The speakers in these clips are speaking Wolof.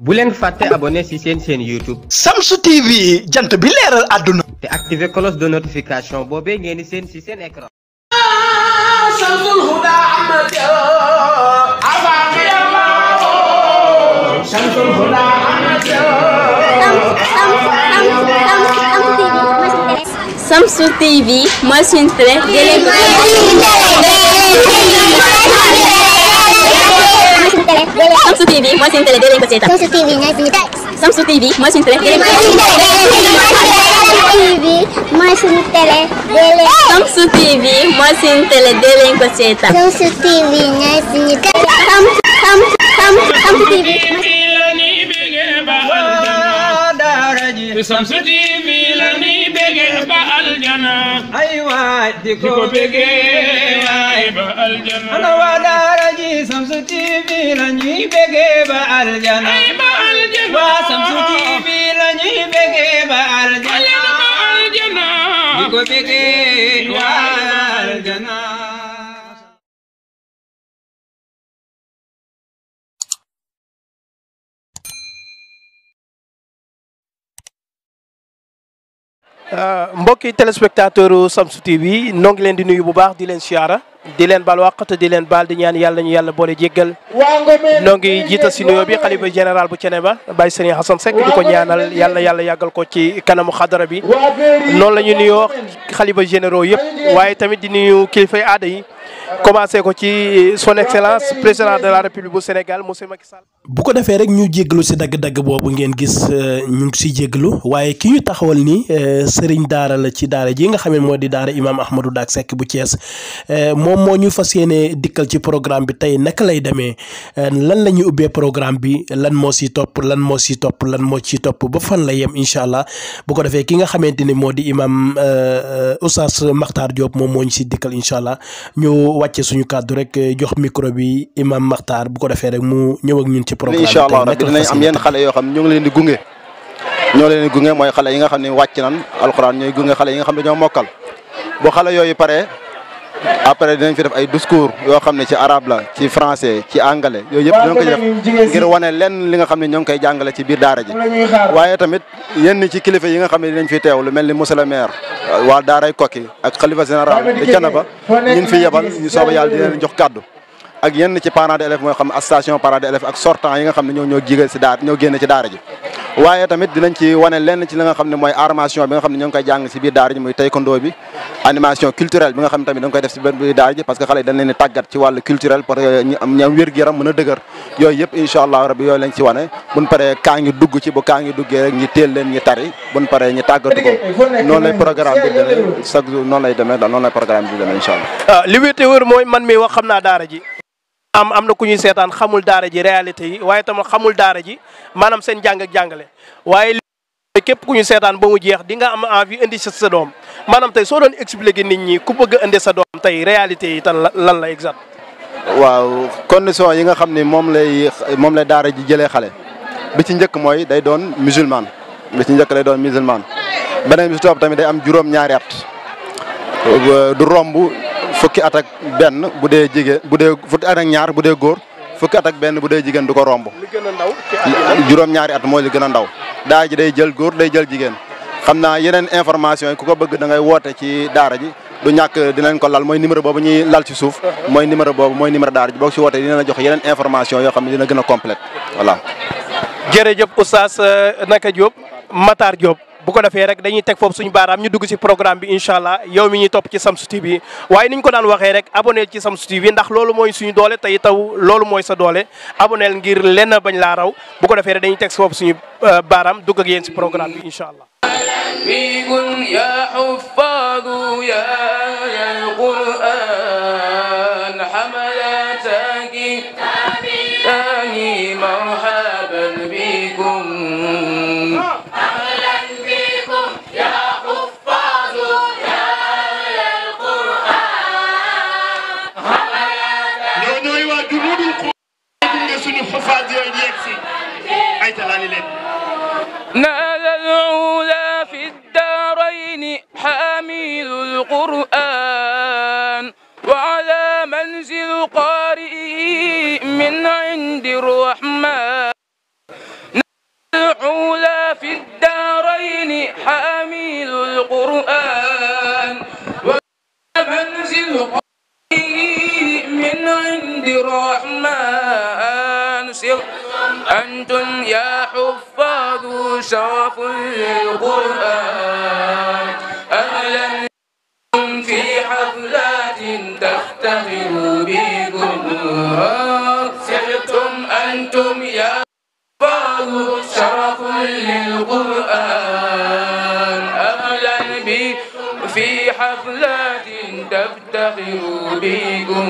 Boulen faté abonné abonné ci une chaîne YouTube. Samsu TV jant bi à donner Activez activé cloche de notification Bobé, ngeen di seen ci seen écran. Samsu TV moi suis une télé. mooy suñu télé. Samsu TV ko seetaan. Samsu TV mooy suñu télé. Samsu TV mooy suñu télé. mooy suñu ko seetaan. bégee ba aljana ay waay di ko bégee waay ba aljana ana waa daara ji Shamsu TV la ñuy bégee ba aljana ay ba aljana waa Shamsu TV la ñuy bégee ba aljana di ko bégee waay Euh, mbokki téléspectateur Shamsu TV noo ngi leen di nuyu bu baax di leen siyaara di leen baal wàq te di leen baal di ñaan yàlla ñu yàlla boole jéggal noo ngi jiital si nuyoo bi xalifa général bu Ceneba Baye Serigne Assane Seck di ko ñaanal yàlla yàlla yàggal ko ci kanamu xadara bi noonu la ñu nuyoo xalifa généraux yëpp waaye tamit di nuyu kilifay aada yi commencé ko ci son excellence président de la république bu Sénégal monsieur Macky Sall. bu ko defee rek ñu jéggalu si dagg-dagg boobu ngeen gis euh, ñu ngi siy jéggalu waaye ki ñu taxawal nii euh, sëriñ daara la ci daara ji nga xam ne moo di daara imaam Ahmadou Dak Seck bu Thiès euh, moom moo ñu fas yéene dikkal ci programme bi tey naka lay demee lan la ñuy ubbee programme bi lan moo siy topp lan moo siy topp lan moo siy topp ba fan la yem incha allah bu ko defee ki nga xamante ni moo di imaam Oustaz Makhtar Diop moom moo ñu siy allah ñu. wàcce suñu kàddu rek eh, jox micro bi imam Makhtar bu rek mu ñëw ñun ci programme incha allah rabbi dinañ yenn xale yoo xam ñoo ngi leen di gunge ñoo leen di gunge mooy xale yi nga xam ne wàcc nan alxuraan ñooy gunge xale yi nga xam ne ñoo mokkal bu xale yooyu pare après dinañ fi def ay discours yoo xam ne ci arabe la ci français ci anglais yooyu yëpp dinañ ko wane leen li nga xam ne ñoo ngi koy jàngale ci biir daara ji waaye tamit yenn ci kilifa yi nga xam ne dinañ fi teew la mel ni monsieur le maire waa daaray Koki ak xalifa général di Thiénaba ñin fi yebal ñu sooba yàlla dinañ jox kàddu ak yenn ci parents d'élèves mooy xam association parents d'élèves ak sortant yi nga xam ne ñoo ñoo ci daara ji waaye tamit dinañ ci wane lenn ci li nga xam ne mooy armation bi nga xam ne ñoo ngi koy jàng si biir daara ji muy taekwondo bi animation culturelle bi nga xam tamit da koy def si biir daara ji parce que xale yi dañ leen di ci wàllu culturel parce que ñu am yaram mën a dëgër yooyu yëpp incha allah rabbi yooyu lañ ci wane buñ paree kaa ngi am am na ku ñuy seetaan xamul daara ji réalité yi waaye tamit xamul daara ji maanaam seen jàng ak jàngale waaye képp ku ñu seetaan mu jeex di nga am envie indi sa sa doom maanaam tey soo doon expliquer nit ñi ku bëgg a indi sa doom tey réalité yi tan lan la exact waaw condition yi nga xam ni moom lay moom lay daara ji jëlee xale bi ci njëkk mooy day doon musulman bi ci njëkk lay doon musulman bi si topp tamit am juróom ñaari at du romb fukki at benn bu dee jigéen bu dee fukki at ñaar bu dee góor fukki at ak benn bu dee jigéen du ko romb. li gën a ndaw juróom-ñaari at mooy li gën a ndaw. daara ji day jël góor day jël jigéen xam naa yeneen information yi ku ko bëgg da ngay woote ci daara ji du ñàkk dinañ ko lal mooy numéro boobu ñuy lal ci suuf. mooy numéro boobu mooy numéro daara ji boo si wootee dina la jox yeneen information yoo xam ne dina gën a complète voilà. jërëjëf oustaz euh, naka Diop Matar Diop. bu ko defee rek dañuy teg foofu suñu baaraam ñu dugg si programme bi incha yow mi ñuy topp ci Shamsu TV waaye ni ko daan waxee rek abonné ci Shamsu TV ndax loolu mooy suñu doole tey taw loolu mooy sa doole abonné ngir lenn bañ laa raw bu defee rek dañuy teg foofu suñu euh, baaraam dugg ak yéen si programme bi incha حامل القرآن وعلى منزل قارئه من عند الرحمن العلا في الدارين حامل القرآن وعلى منزل قارئه من عند الرحمن ويسر أنتم يا حفاظ شرف القرآن أهلا في حفلات تفتخر بكم سرتم أنتم يا حفاظ شرف للقرآن أهلا بي في حفلات تفتخر بكم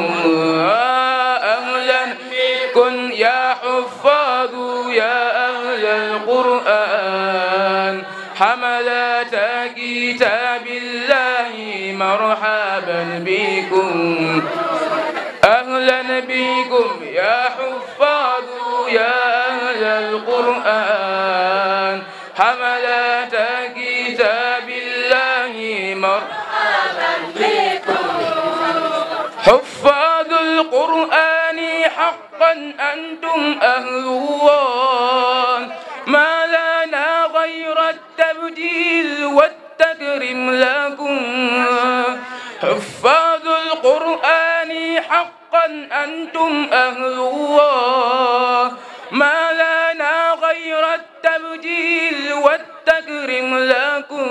حملات كتاب الله مرحبا بكم أهلا بكم يا حفاظ يا أهل القرآن حملات كتاب الله مرحبا بكم حفاظ القرآن حقا أنتم أهل الله خير لكم حفاظ القرآن حقا أنتم الله ما لنا غير التبجيل والتكرم لكم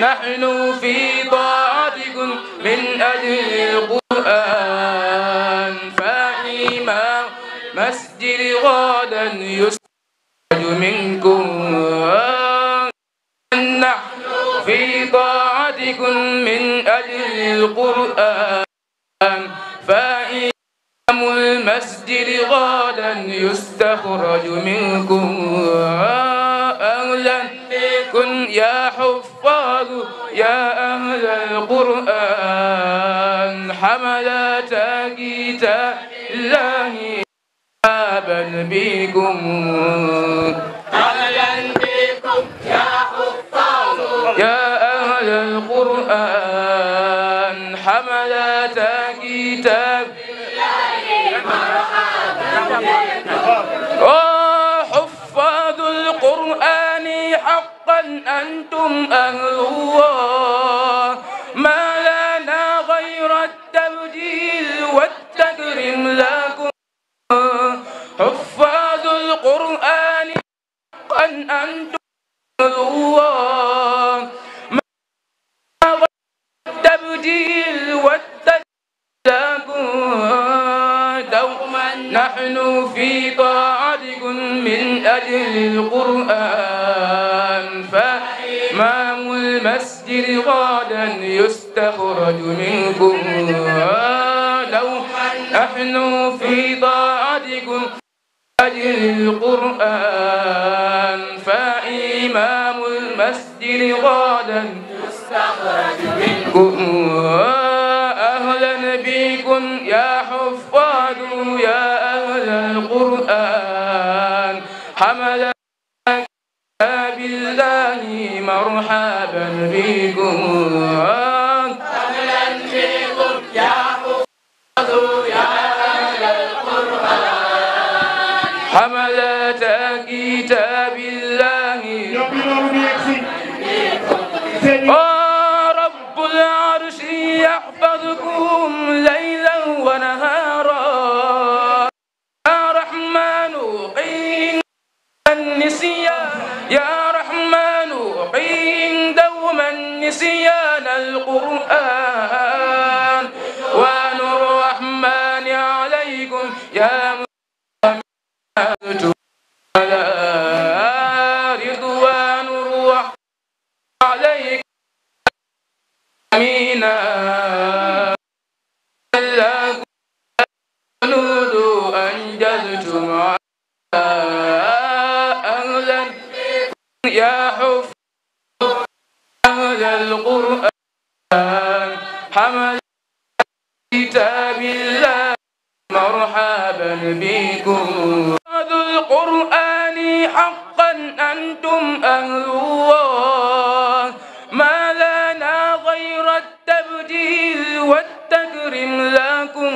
نحن في طاعتكم من أجل القرآن فإمام مسجد غدا يسجد منكم القرآن فإمام المسجد غدا يستخرج منكم أهلا بكم يا حفاظ يا أهل القرآن حملة كتاب الله مرحبا بكم أهلا بكم يا حفاظ يا أهل القرآن على كتاب آه، حفاظ القرآن حقا أنتم أهل الله يستخرج منكم لو نحن في ضاعتكم أجل القرآن فإمام المسجد غدا يستخرج منكم أهلا بكم يا حفاظ يا أهل القرآن حمل بالله مرحبا بكم كتاب الله مرحبا بكم هذا القرآن حقا أنتم أهل الله ما لنا غير التبديل والتكريم لكم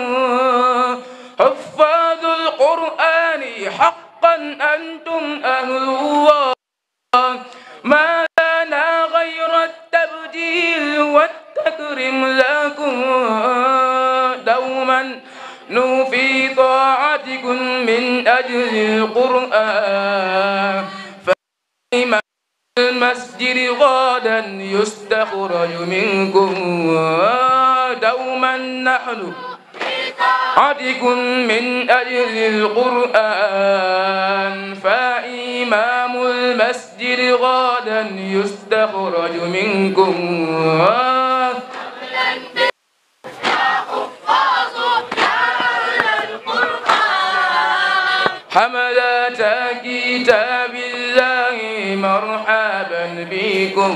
حفاظ القرآن حقا أنتم أهل الله ما لنا غير التبديل والتكريم لكم نحن في طاعتكم من أجل القرآن فإمام المسجد غدا يستخرج منكم دوما نحن عدكم من أجل القرآن فإمام المسجد غدا يستخرج منكم كتاب الله مرحبا بكم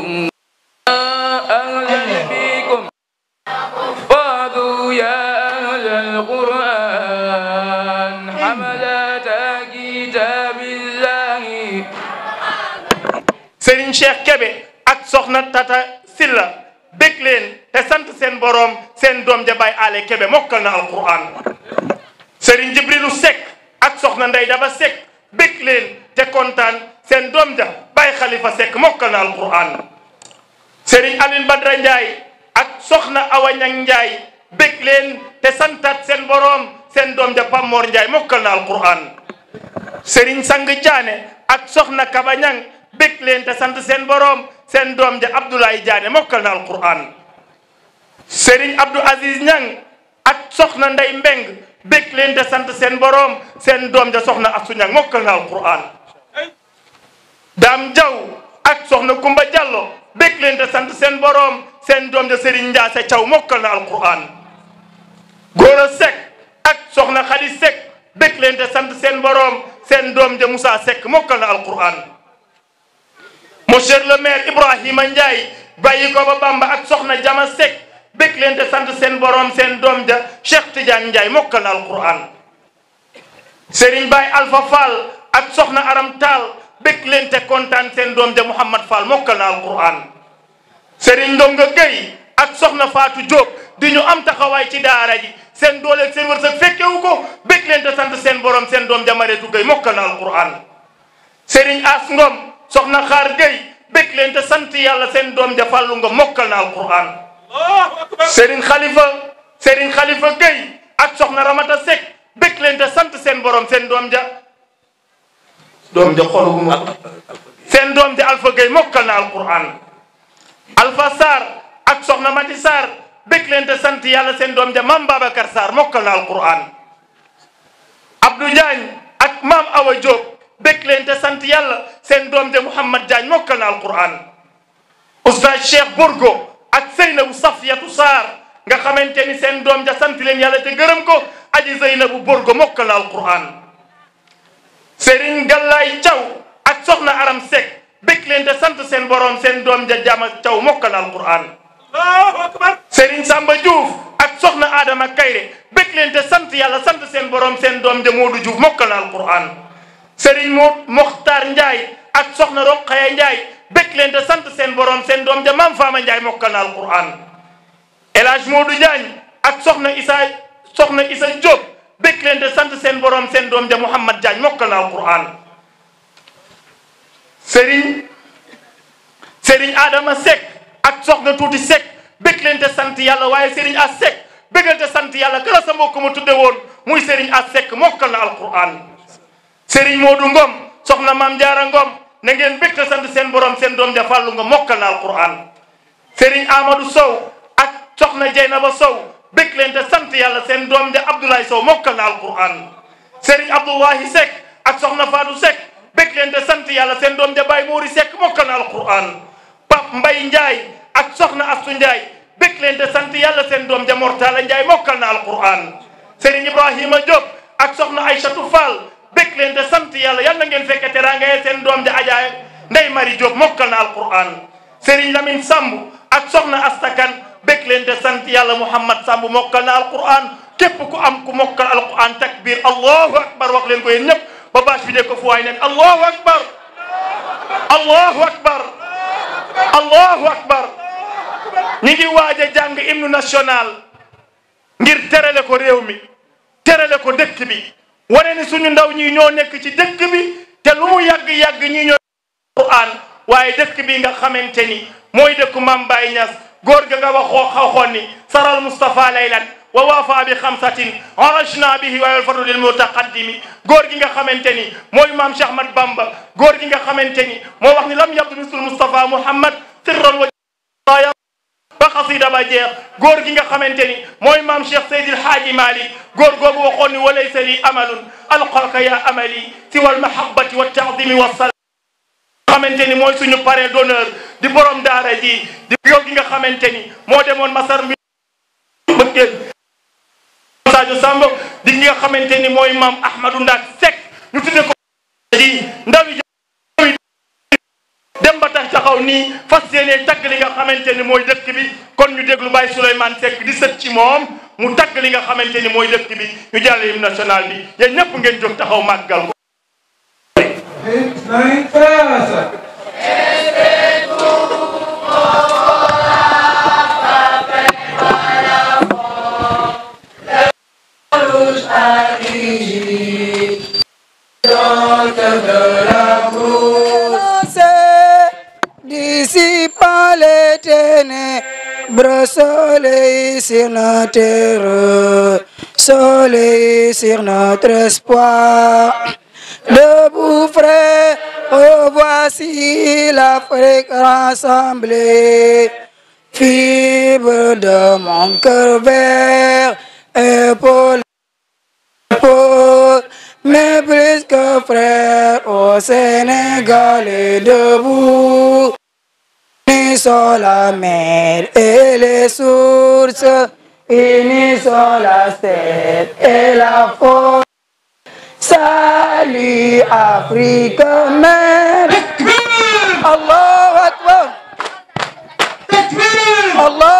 أهلا بكم فاضوا يا أهل القرآن حملة كتاب الله سيدنا الشيخ كبي أك سخنة تتا سلا بكلين تسانت سين بروم سين دوم جباي آلي كبي مكنا القرآن سيدنا جبريل سيك أك سخنة دايدا bég te kontaan seen doom ja Baye Khalifa Seck mokkal na alquran Serigne Alioune Badara Ndiaye ak Soxna Awa Niang Ndiaye bég te santaat seen boroom seen doom ja Pape Mor Ndiaye mokkal na alquran Serigne Sang Diané ak Soxna Kaba Niang bég te sant seen boroom seen doom ja Abdoulaye Diané mokkal na alquran Serigne Abdou Aziz Niang ak Soxna nday Mbeng bég leen te sant seen boroom seen doom ja soxna Astou Niang mokkal na alquran daam jaw ak soxna Kumba Jallo bég leen sant seen boroom seen doom ja Serigne Ndiasse Thiaw mokkal na alquran Gora Seck ak soxna Khady Seck bég leen sant seen boroom seen doom ja Moussa Seck mokkal na alquran monsieur le maire Ibrahima Ndiaye bàyyi ko ba Bamba ak soxna Jama Seck bég leen te sant seen borom seen doom ja Cheikh Tidiane Ndiaye mokkal na alquran Serigne Baye Alpha Fall ak Soxna Aram Taal bég leen te kontaan seen doom ja Mouhamad Fall mokkal na alquran Serigne Ndonga ak Soxna Fatou Diop di ñu am taxawaay ci daara ji seen dooleeg seen wërsëg ko bég sant seen borom seen doom ja Mareetu Gueye mokkal na alquran Serigne As Ngom Soxna Xaar Gueye bég leen sant yàlla seen doom ja Fallou Ngom mokkal na alquran Serigne Khalifa Serigne Khalifa Gueye ak soxna Ramata Seck sant seen borom seen doom ja doom ja xolu bu ma seen doom mokkal na alquran Alpha Sarr ak soxna Mati Sarr bëgg sant yàlla seen doom ja maam Babacar Sarr maam Awa Diop bëgg leen te sant yàlla seen doom ja Mouhamad Diagne mokkal na alquran Oustaz Cheikh Bourgo Seynabu Safiyatu Saar nga xamante ni seen doom ja sant leen yàlla te gërëm ko aji Zeynabu Borgo mokk la alquran Serigne Gallay Thiaw ak Soxna Aram Seck bëgg leen te sant seen borom seen doom ja jamal caw mokk la alquran Allahu akbar Serigne Samba Diouf ak Soxna Adama Kayre bëgg leen te sant yàlla sant seen borom seen doom ja Modou Diouf mokk la alquran Serigne Mokhtar Ndiaye ak Soxna Rokhaya Ndiaye. bëgg leen te sant seen borom seen doom ja maam Faama Ndiaye mokkal na alquran El Hadj Modou Diagne ak soxna isa soxna Issa Diop bëgg leen te sant seen borom seen doom ja Mouhamad Diagne mokkal na alquran Serigne Serigne Adama Seck ak soxna Tuuti Seck bëgg leen te sant yàlla waaye Serigne a Seck bëggal te sant yàlla kala sa mbokk ma woon muy Serigne a Seck mokkal na alquran Serigne Modou Ngom soxna maam Jaara Ngom. na ngeen bégte sant seen borom seen doom ja fàllu nga mokkal na alquran Serigne Amadou Sow ak Soxna Jeynaba Sow bég leen sant yàlla seen doom ja Abdoulaye Sow mokkal na alquran Serigne Abdoulahi Seck ak Soxna Fatou Seck bég leen sant yàlla seen doom ja Baye Mouri Seck mokkal na alquran Pape Mbaye Ndiaye ak Soxna Astou Ndiaye bég leen te sant yàlla seen doom ja Mortala Ndiaye mokkal na alquran Serigne Ibrahima Diop ak Soxna Aïchatou Fall bég leen te sant yàlla yal ngeen fekke teraanga yee seen doom di ajaay Ndeye Marie Diop mokkal na alquran Serigne Lamine Samb ak Soxna Astakan bég leen te sant yàlla Mouhamad Samb mokkal na alquran képp ku am ku mokkal alquran takbir allahu akbar bi dégg ko fu waay nekk allahu akbar allahu akbar allahu ngi waaj a jàng hymne national ngir terale ko réew mi terale ko dëkk bi wane ni suñu ndaw ñi ñoo nekk ci dëkk bi te lu mu yàgg-yàgg ñi ñoo Alxuraan waaye dëkk bi nga xamante ni mooy dëkku Maam Baye Niass góor ga nga waxoo xawxoon ni saral Mustafa laylan wa waafa bi xamsatin arajna bihi wayol fatu lil mutaqaddimi góor gi nga xamante ni mooy maam Cheikh Ahmad Bamba góor gi nga xamante ni moo wax ni lam yabdu mislul Mustafa Muhammad sirran wa ba xasida ba jeex góor gi nga xamante ni mooy maam Cheikh Seydil Haaji Malick góor googu waxoon ni walaysa li amalun alqaaka ya amali si wal mahabbati wa taadimi wa sal xamante ni mooy suñu parrain d'honneur di borom daara ji di góor gi nga xamante ni moo demoon masar mi bëggeen Sadio Samb di nga xamante ni mooy maam Ahmadou Ndak Seck ñu tudde ko ji ndawi dem ba tax taxaw nii fas yéene tagg li nga xamante ni mooy dëkk bi kon ñu déglu Baye Souleymane Seck di sët ci moom mu tagg li nga xamante ni mooy dëkk bi ñu jàll hymne national bi yéen ñépp ngeen jóg taxaw màggal ko Amém. les ténèbres, soleil sur notre terre, soleil sur notre espoir. Debout, frère, oh, voici l'Afrique rassemblée. Fibre de mon cœur vert, épaule, mais plus que frère, au Sénégal et debout. ini sola mer ele sursa ini sola sed e la forza Africa mer Allah Akbar Allah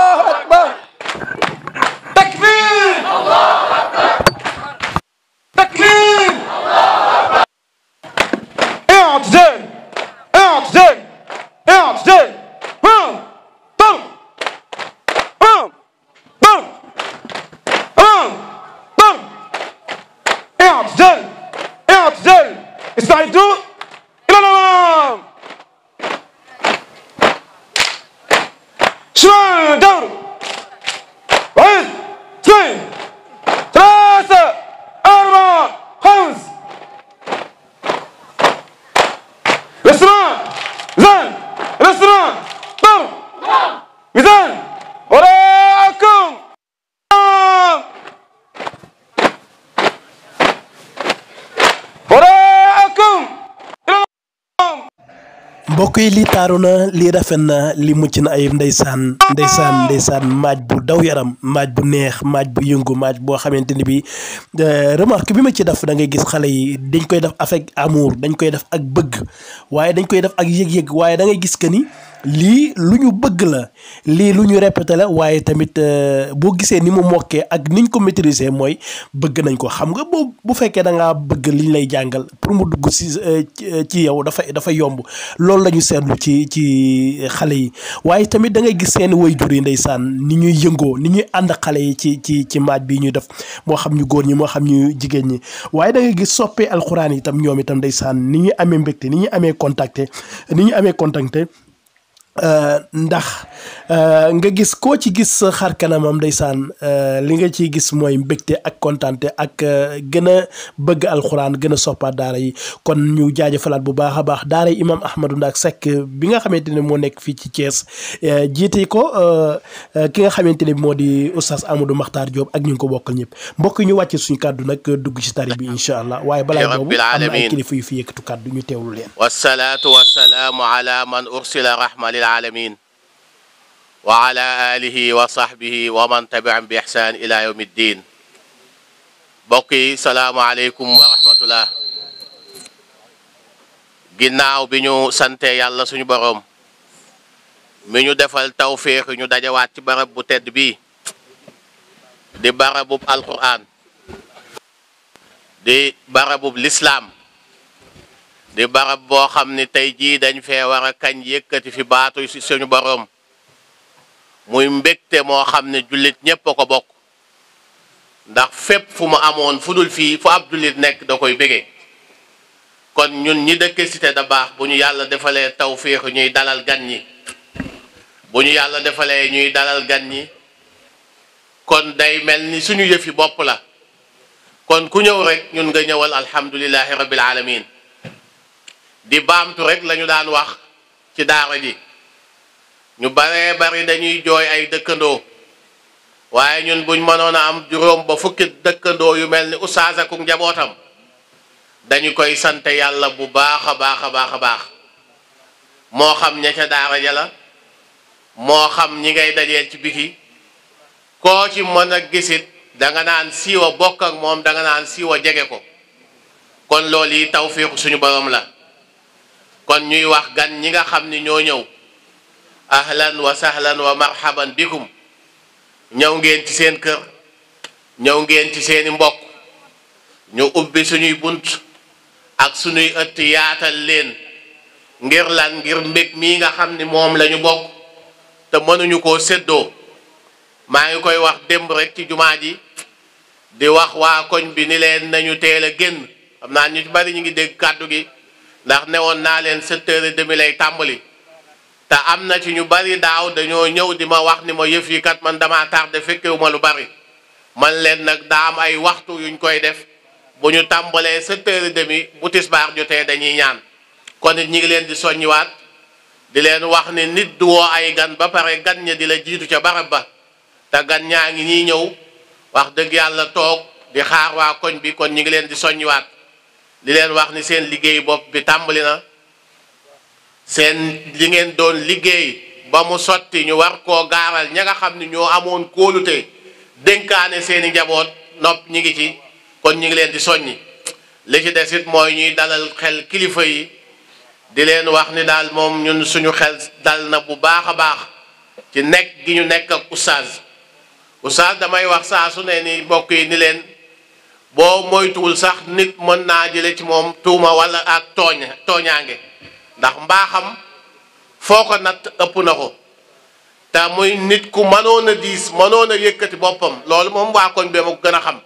mbokk lii taaru na lii rafet na lii mucc na ayib ndeysaan ndeysaan ndeysaan maaj bu daw yaram maaj bu neex maaj bu yëngu maaj boo xamante ni bi euh, remarque bi ma ci def da ngay gis xale yi dañ koy def avec amour dañ koy def ak bëgg waaye dañ koy def ak yëg-yëg waaye da ngay gis que ni lii lu ñu bëgg la lii lu ñu répété la waaye tamit euh, boo gisee ni mu mokkee ak niñ ko maîtriser mooy bëgg nañ ko xam nga boo bu fekkee da bëgg liñ lay jàngal pour mu dugg si euh, euh, ci yow dafa dafa yomb loolu lañu ñu seetlu ci ci xale yi waaye tamit da ngay gis seen jur yi saan ni ñuy yëngoo ni ñuy ànd xale yi ci ci ci maaj bi ñuy def moo xam ñu góor ñi moo xam ñu jigéen ñi waaye da ngay gis soppee alxuraan yi tam ñoom itam ndeysaan ni ñuy amee mbégte ni ñuy amee contacté ni ñuy amee contacté Euh, ndax euh, nga gis koo ci gis xar kanamam ndeysaan euh, li nga ci gis mooy mbégte ak kontaante ak gën a bëgg alxuraan gën a soppaat daara yi kon ñu jaajëfalaat bu baax a baax daara imam Ahmadou Ndack sekk bi nga xamante ne moo nekk fii ci Thiès jiite ko ki nga xamante ne moo di oustaz Amadou Makhtar Diop ak ñu ngi ko bokkal ñëpp mbokk ñu wàcc suñ kàddu nag dugg ci tari bi incha allah waaye balaa boobu am na ay kilifa yu fi yëkkatu kàddu ñu teewlu leen. العالمين وعلى آله وصحبه ومن تبعهم بإحسان إلى يوم الدين بقي سلام عليكم ورحمة الله جناو بنيو سنتي يالله سنو بروم منيو دفل توفيق نيو دجوات برب تدبي دي برب القرآن دي برب الإسلام di barab bo xamni tay ji dañ fe wara kañ yëkkati fi baatu ci suñu borom muy mbekté mo xamni julit ñépp ko bok ndax fep fu mu amoon fu dul fu abdulit nek da koy bëggé kon ñun ñi dëkk Cité baax bu ñu yàlla défalé tawfiq ñuy dalal gan ñi bu ñu yàlla défalé ñuy dalal gan ñi kon day melni suñu yëfi bop la kon ku ñëw rek ñun nga ñëwal alhamdulilahi rabbil alamin di baamtu rek lañu daan wax ci daara ji ñu baree bari dañuy jooy ay dëkkandoo waaye ñun buñ mënoon a am juróom ba fukki dëkkandoo yu mel ni oustaz ak njabootam dañu koy sante yàlla bu baax a baax a baax a baax moo xam ña ca daara ja la moo xam ñi ngay dajeel ci biti koo ci mën a gisit danga naan siiwa bokk ak moom danga naan siiwa jege ko kon lool yi tawfiixu suñu borom la kon ñuy wax gan ñi nga xam ni ñoo ñëw ahlan wa sahlan wa marhaban bikum ñëw ngeen ci seen kër ñëw ngeen ci seeni mbokk ñu ubbi suñuy bunt ak suñuy ëtt yaatal leen ngir lan ngir mbég mii nga xam ni moom lañu bokk te mënuñu koo seddoo maa ngi koy wax démb rekk ci jumaa ji di wax waa koñ bi ni leen nañu teel a génn xam naa ñu bari ñu ngi dégg kàddu gi ndax ne woon naa leen sept heures demi lay tàmbali te am na ci ñu bari daaw dañoo ñëw di ma wax ni ma yëf yi kat man damaa tardé fekkewu ma lu bari man leen nag daa am ay waxtu yuñ koy def bu ñu tàmbalee sept heures et demi bu tisbaar jotee dañuy ñaan kon nit ñi ngi leen di soññiwaat di leen wax ni nit du woo ay gan ba pare gan ña di la jiitu ca barab ba te gan ñaa ngi ñiy ñëw wax dëgg yàlla toog di xaar waa koñ bi kon ñi ngi leen di soññiwaat li leen wax ni seen liggéey bopp bi tàmbali na seen li ngeen doon liggéey ba mu sotti ñu war koo gaaral ña nga xam ni ñoo amoon kóolute dénkaane seeni njaboot nopp ñi ngi ci kon ñi ngi leen di soññi li ci des it mooy ñuy dalal xel kilifa yi di leen wax ni daal moom ñun suñu xel dal na bu baax a baax ci nekk gi ñu nekk ak oustaz oustaz damay wax saa su ne ni mbokk yi ni leen boo moytuwul sax nit mën naa jële ci moom tuuma wala ak tooñ tooñaange ndax mbaaxam foo ko natt ëpp na ko te muy nit ku mënoon a diis mënoon a yëkkati boppam loolu moom waa koñ bee ma ko gën a xam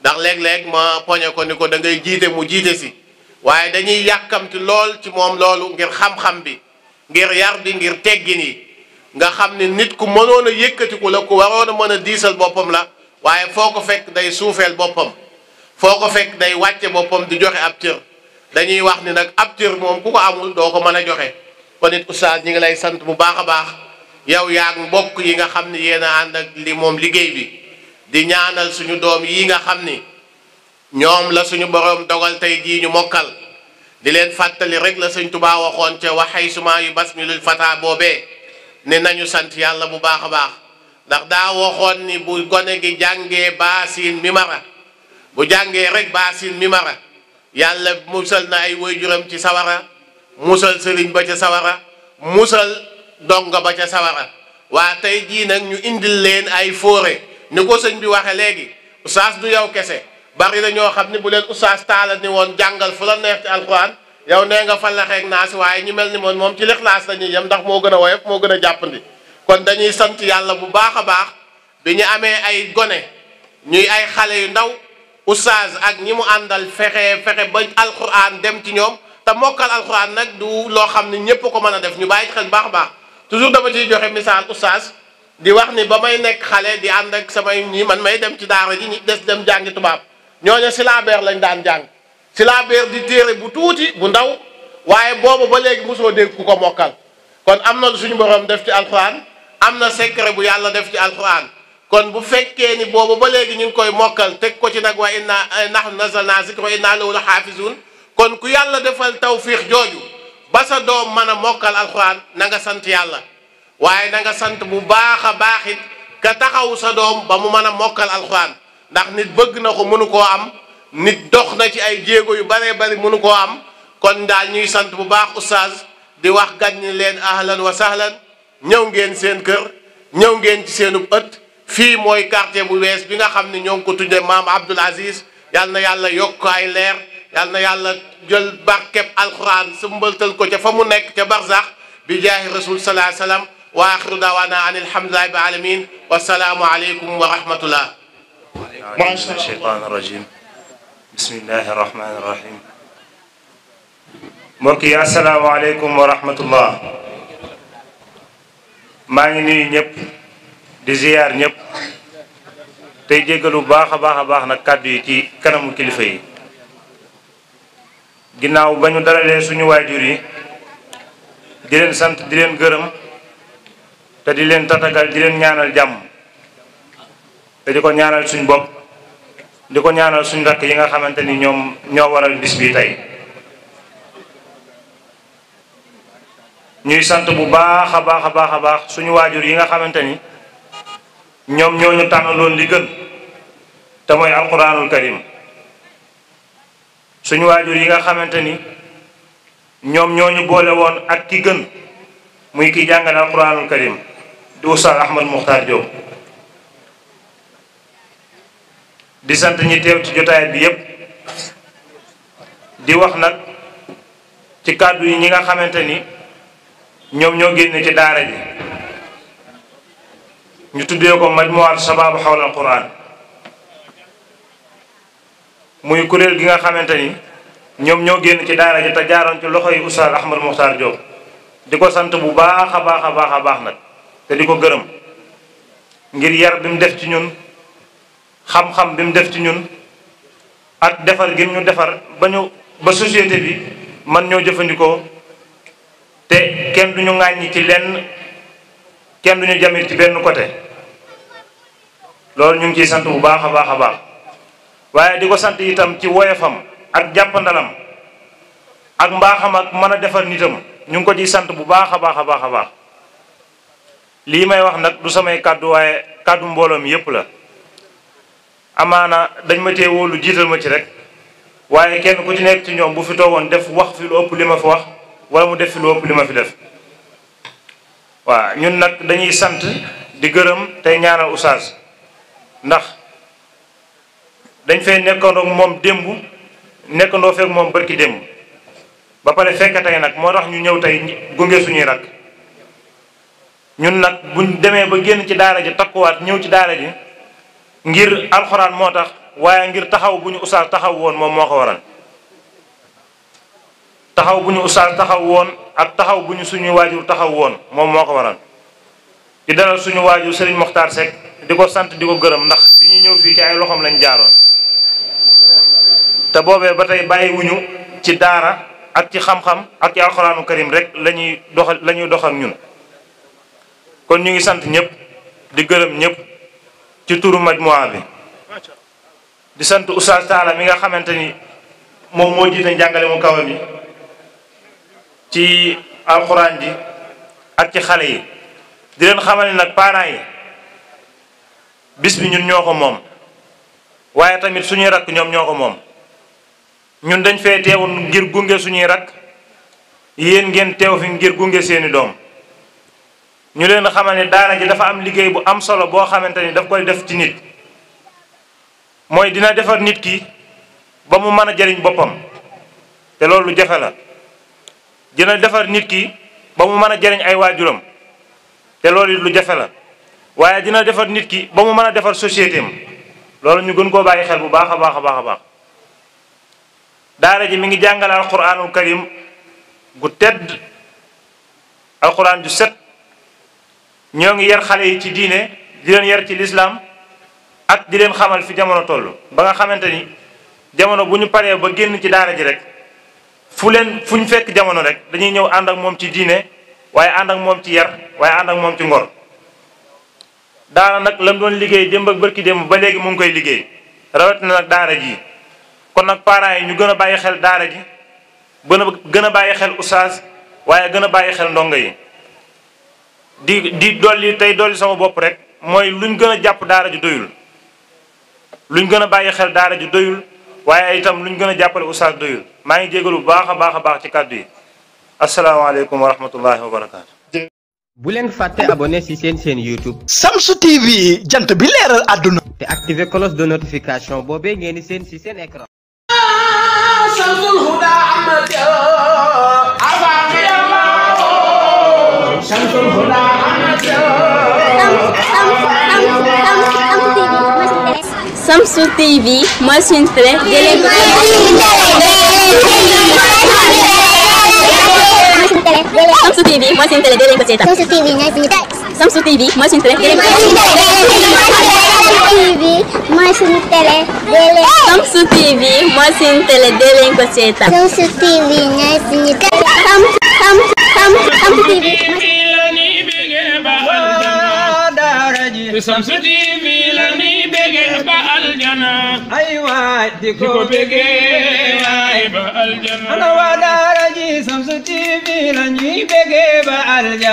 ndax léeg-léeg ma poñe ko ni ko da ngay jiite mu jiite si waaye dañuy yàkkamti lool ci moom loolu ngir xam-xam bi ngir yar bi ngir teggin yi nga xam ni nit ku mënoon a yëkkatiku la ku waroon a mën a diisal boppam la waaye foo ko fekk day suufeel boppam foo ko fekk day wàcce boppam di joxe ab dañuy wax ni nag ab cër moom ku ko amul doo ko mën a joxe kon it oustaz ñi ngi lay sant bu baax a baax yow yaag mbokk yi nga xam ni yéen a ànd ak li moom liggéey bi di ñaanal suñu doom yi nga xam ni ñoom la suñu borom dogal tey jii ñu mokkal di leen fàttali rek la sëñ Tuubaa waxoon ca waxay suma yu bas mi lu fata boobee ne nañu sant yàlla bu baax a baax ndax daa waxoon ni bu gone gi jàngee baasin mimara bu jàngee rek baasin mi mara yàlla musal na ay waajuram ci sawara musal sëriñ ba ca sawara musal donga ba ca sawara waa tey jii nag ñu indil leen ay fóore ni ko sëñ bi waxe léegi oustaz du yow kese bari na ñoo xam ne bu leen oustaz taala ni woon jàngal fu la neex ci alquran yow nee nga fan la xeeg naa si waaye ñu mel ni moom moom ci lixlaas la ñuy yam ndax moo gën a woyof moo gën a jàppandi kon dañuy sant yàlla bu baax a baax bi ñu amee ay gone ñuy ay xale yu ndaw oustaz ak ñi mu àndal fexe fexe ba alcorane dem ci ñom ta mokal alcorane nak du lo xamni ñëpp ko mëna def ñu bàyyi xel bax bax toujours dama ci joxe misal oustaz di wax ni ba may nekk xale di ànd ak sama ñi man may dem ci daara ji ñi des dem jàngi tubaab ñooñu silaabeer lañ daan jàng silaabeer di téré bu tuti bu ndaw waye bobu ba légui mosoo dégg ku ko mokkal kon amna suñu borom def ci alcorane amna secret bu yàlla def ci alcorane kon bu fekkee ni boobu ba léegi ñu ngi koy mokkal teg ko ci nag wa inna eh, nahnu nazzalna zikra wa inna lahu la xaafizuun kon ku yàlla defal tawfiix jooju ba sa doom mën a mokkal alxuraan na nga sant yàlla waaye na nga sant bu baax a baax it ka taxaw sa doom ba mu mën a mokkal alxuraan ndax nit bëgg na ko mënu koo am nit dox na ci ay jéego yu baree bari mënu koo am kon daal ñuy sant bu baax oustaz di wax gan ñi leen ahlan wa sahlan ñëw ngeen seen kër ñëw ngeen ci seenu ëtt fi moy quartier bu wess bi nga xamni ñong ko tudde mam abdul Aziz yal na yàlla yok ay leer yal na yàlla jël barkeb alxuraan sëmbaltal ko ca famu nek nekk ca barzax bi jahi rasul sallallahu salaa wasallam wa axiru dawana anil hamdulillahi bi alamin wa salamu alaykum wa rahmatullah min cheytaan rajim bismillahi rahmani rahim mbokk yi alaykum wa rahmatullah ma ngi nuyu ñëpp di ziar ñëpp tey jéggalu baax a baax a baax nag kàddu yi ci kanamu kilifa yi ginnaaw bañu ñu dalalee suñu waajur yi di leen sant di leen gërëm te di leen tatagal di leen ñaanal jàmm te di ko ñaanal suñ bopp di ko ñaanal suñ rakk yi nga xamante ni ñoom ñoo waral bis bi tey ñuy sant bu baax a baax baax suñu waajur yi nga xamante ñoom ñoo ñu tànnaloon li gën te mooy alquranul karim suñu waajur yi nga xamante ni ñoom ñoo ñu boole woon ak ki gën muy kii jàngale alquranul karim di Oustaz Ahmad Muxtaar Diop di sant ñi teew ci jotaay bi yépp di wax nag ci kàddu yi ñi nga xamante ni ñoom ñoo génne ci daara ji ñu tuddee ko majmuwaat sabab xawla alquran muy kuréel gi nga xamante ni ñoom ñoo génn ci daara ji te jaaroon ci loxoy yi Ahmad Diop di ko sant bu baax a baax a baax te di ko gërëm ngir yar bi def ci ñun xam-xam bi def ci ñun ak defar gi ñu defar ba ñu ba société bi man ñoo jëfandikoo te kenn du ñu ŋàññi ci lenn kenn du ñu jamit ci benn côté loolu ñu ngi ciy sant bu baax a baax a baax waaye di ko sant itam ci woyefam ak jàppandalam ak mbaaxam ak mën a defar nitam ñu ngi ko ciy sant bu baax a baax a baax a baax lii may wax nag du samay kàddu waaye kàddu mbooloo mi yépp la amaana dañ ma tee wóolu jiital ma ci rek waaye kenn ku ci nekk ci ñoom bu fi toogoon def wax fi lu ëpp li ma fi wax wala mu def fi lu ëpp li ma fi def waa ñun nag dañuy sant di gërëm tey ñaanal oustaz ndax dañ fay nekkandoo moom démb nekkandoo fekk moom barki démb ba pare fekk tey nag moo tax ñu ñëw tey gunge suñuy rakk ñun nag buñ demee ba génn ci daara ji takkuwaat ñëw ci daara ji ngir alxuraan moo tax waaye ngir taxaw bu ñu oustaz taxaw woon moom moo ko waral taxaw bu ñu oustaz taxaw woon ak taxaw bu ñu suñu waajur taxaw woon moom moo ko waral di dalal suñu waajur Serigne Mokhtar Seck di ko sant di ko gërëm ndax bi ñuy ñëw fii ci ay loxoom lañu jaaroon te boobee ba tey bàyyiwuñu ci daara ak ci xam-xam ak ci alxuraanu karim rek lañuy ñuy doxal la ñuy ñun kon ñu ngi sant ñëpp di gërëm ñëpp ci turu majmuwa bi di sant Oustaz Talla mi nga xamante ni moom moo jiite njàngale mu kaw yi ci alxuraan ji ak ci xale yi di leen xamal ni nag parents yi bis bi ñun ñoo ko moom waaye tamit suñuy rakk ñoom ñoo ko moom ñun dañ fee teewul ngir gunge suñuy rakk yéen ngeen teew fi ngir gunge seeni doom ñu leen xamal ni daara ji dafa am liggéey bu am solo boo xamante ni daf koy def ci nit mooy dina defar nit ki ba mu mën a jariñ boppam te loolu jafe la dina defar nit ki ba mu mën a jariñ ay waajuram te loolu it lu jafe la waaye dina defar nit ki ba mu mën a defar société loolu ñu gën koo bàyyi xel bu baax a baax a baax a baax daara ji mi ngi jàngale alquranul karim gu tedd alquran ju set ñoo ngi yar xale yi ci diine di leen yar ci lislaam at di leen xamal fi jamono toll ba nga xamante ni jamono bu ñu paree ba génn ci daara ji rek fu leen fu ñu fekk jamono rek dañuy ñëw ànd ak moom ci diine waaye ànd ak moom ci yar waaye ànd ak moom ci ngor daara nag lam doon liggéey démb ak bërki démb ba léegi mu ngi koy liggéey rawatina nag daara ji kon nag parent yi ñu gën a bàyyi xel daara ji gën a gën a bàyyi xel oustaz waaye gën a bàyyi xel ndongo yi di di dolli tey dolli sama bopp rek mooy luñ gën a jàpp daara ji doyul luñ gën a bàyyi xel daara ji doyul waaye itam luñ gën a jàppale doyul maa ngi jégalu bu baax a baax a baax ci kàddu yi asalaamaaleykum wa rahmatullahi wa barakaatu. bu leen fàtte abonné ci seen seen YouTube. Samsu TV jant bi leeral àdduna. te activer cloche de notification boobee ngeen di seen ci seen écran. Samsul Huda Shamsu TV mooy suñu télé Shamsu TV mooy suñu télé dégg ko seetaan Shamsu TV mooy suñu télé Shamsu TV mooy suñu télé dégg ko seetaan Shamsu TV mooy ba ay waay di ko bege waay ba waa daara ji Shamsu TV la ñuy bege ba la ñuy di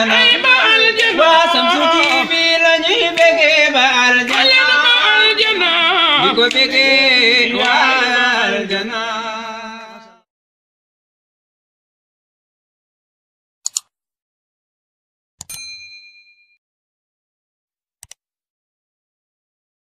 ko bege waay aljana